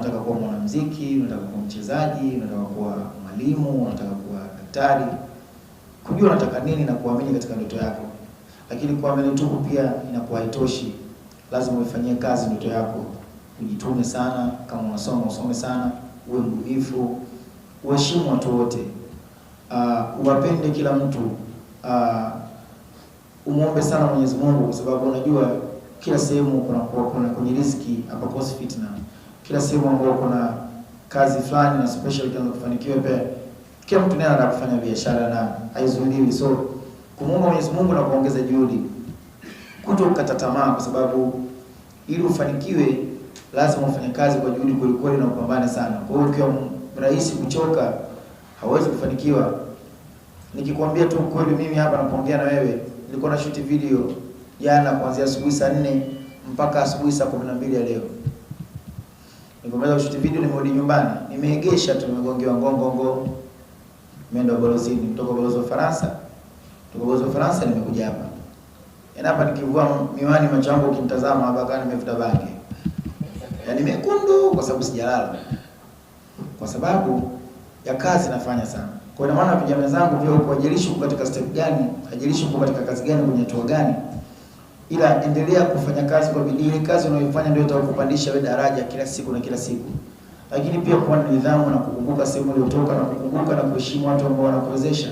unataka kuwa mwanamuziki, unataka kuwa mchezaji, unataka kuwa mwalimu, unataka kuwa daktari, kujua unataka nini na kuamini katika ndoto yako. Lakini kuamini tu pia inakuwa haitoshi, lazima uifanyie kazi ndoto yako, ujitume sana. Kama unasoma usome sana, uwe mbunifu, uheshimu watu wote, uh, uwapende kila mtu uh, ah, umuombe sana Mwenyezi Mungu kwa sababu unajua kila sehemu kuna kuna kwenye riziki hapakosi fitna kila sehemu ambayo kuna kazi fulani na special ikianza kufanikiwa pia kila mtu naye anataka kufanya biashara na haizuiliwi. So kumuomba Mwenyezi Mungu na kuongeza juhudi, kutokata tamaa, kwa sababu ili ufanikiwe lazima ufanye kazi kwa juhudi kweli kweli na upambane sana. Kwa hiyo ukiwa rahisi kuchoka, hauwezi kufanikiwa. Nikikwambia tu kweli, mimi hapa napoongea na wewe nilikuwa na shoot video jana kuanzia asubuhi saa 4 mpaka asubuhi saa 12 ya leo. Tumeweza kushuti video, nimerudi nyumbani, nimeegesha tu, nimegongewa ngongongo, nimeenda ubalozini, kutoka ubalozi wa Faransa, kutoka ubalozi wa Faransa nimekuja hapa. Yaani hapa nikivua miwani, machango yangu ukimtazama hapa kana nimefuta bangi, yaani mekundu, kwa sababu sijalala, kwa sababu ya kazi nafanya sana. Kwa maana vijana wenzangu, vile uko ajilishi katika step gani, kwa katika kazi gani, kwenye hatua gani ila endelea kufanya kazi kwa bidii. Ile kazi unayofanya ndio itakupandisha wewe daraja kila siku na kila siku, lakini pia kuwa na nidhamu na kukumbuka sehemu uliotoka na kukumbuka na kuheshimu watu ambao wanakuwezesha.